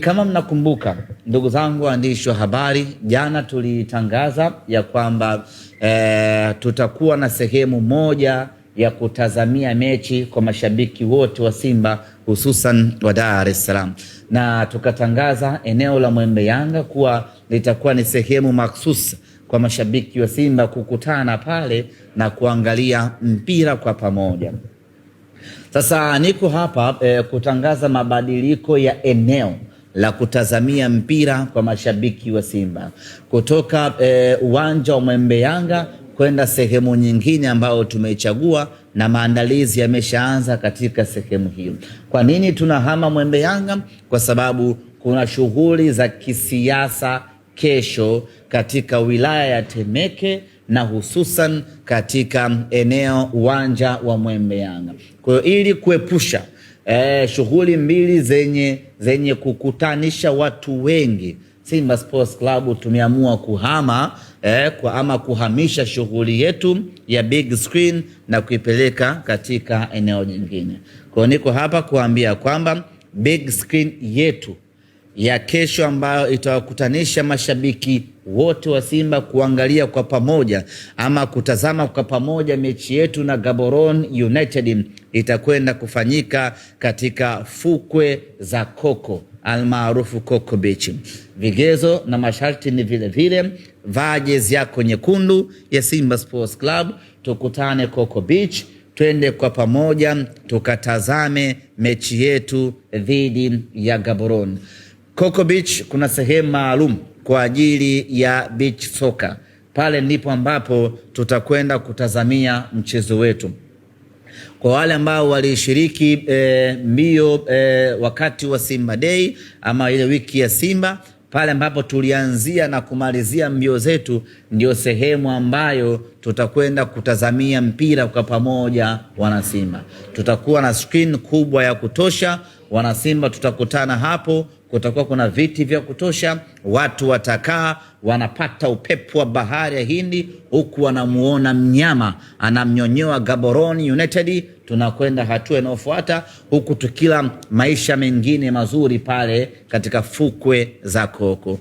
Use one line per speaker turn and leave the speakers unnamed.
Kama mnakumbuka ndugu zangu waandishi wa habari, jana tulitangaza ya kwamba e, tutakuwa na sehemu moja ya kutazamia mechi kwa mashabiki wote wa Simba hususan wa Dar es Salaam, na tukatangaza eneo la Mwembe Yanga kuwa litakuwa ni sehemu maksus kwa mashabiki wa Simba kukutana pale na kuangalia mpira kwa pamoja. Sasa niko hapa e, kutangaza mabadiliko ya eneo la kutazamia mpira kwa mashabiki wa Simba kutoka eh, uwanja wa Mwembe Yanga kwenda sehemu nyingine ambayo tumeichagua na maandalizi yameshaanza katika sehemu hiyo. Kwa nini tunahama Mwembe Yanga? Kwa sababu kuna shughuli za kisiasa kesho katika wilaya ya Temeke na hususan katika eneo uwanja wa Mwembe Yanga. Kwa hiyo ili kuepusha eh, shughuli mbili zenye, zenye kukutanisha watu wengi. Simba Sports Club tumeamua kuhama eh, kwa ama kuhamisha shughuli yetu ya big screen na kuipeleka katika eneo jingine. Kwa niko hapa kuambia kwamba big screen yetu ya kesho ambayo itawakutanisha mashabiki wote wa Simba kuangalia kwa pamoja ama kutazama kwa pamoja mechi yetu na Gaborone United itakwenda kufanyika katika fukwe za Koko almaarufu Koko Beach. Vigezo na masharti ni vile vile, vaa jezi yako nyekundu ya Simba Sports Club, tukutane Koko Beach, twende kwa pamoja tukatazame mechi yetu dhidi ya Gaborone. Koko Beach kuna sehemu maalum kwa ajili ya beach soka. Pale ndipo ambapo tutakwenda kutazamia mchezo wetu. Kwa wale ambao walishiriki e, mbio e, wakati wa Simba Day ama ile wiki ya Simba pale ambapo tulianzia na kumalizia mbio zetu, ndio sehemu ambayo tutakwenda kutazamia mpira kwa pamoja. Wanasimba, tutakuwa na skrini kubwa ya kutosha. Wanasimba, tutakutana hapo kutakuwa kuna viti vya kutosha, watu watakaa, wanapata upepo wa bahari ya Hindi, huku wanamuona mnyama anamnyonyoa Gaborone United. Tunakwenda hatua inayofuata, huku tukila maisha mengine mazuri pale katika fukwe za Koko.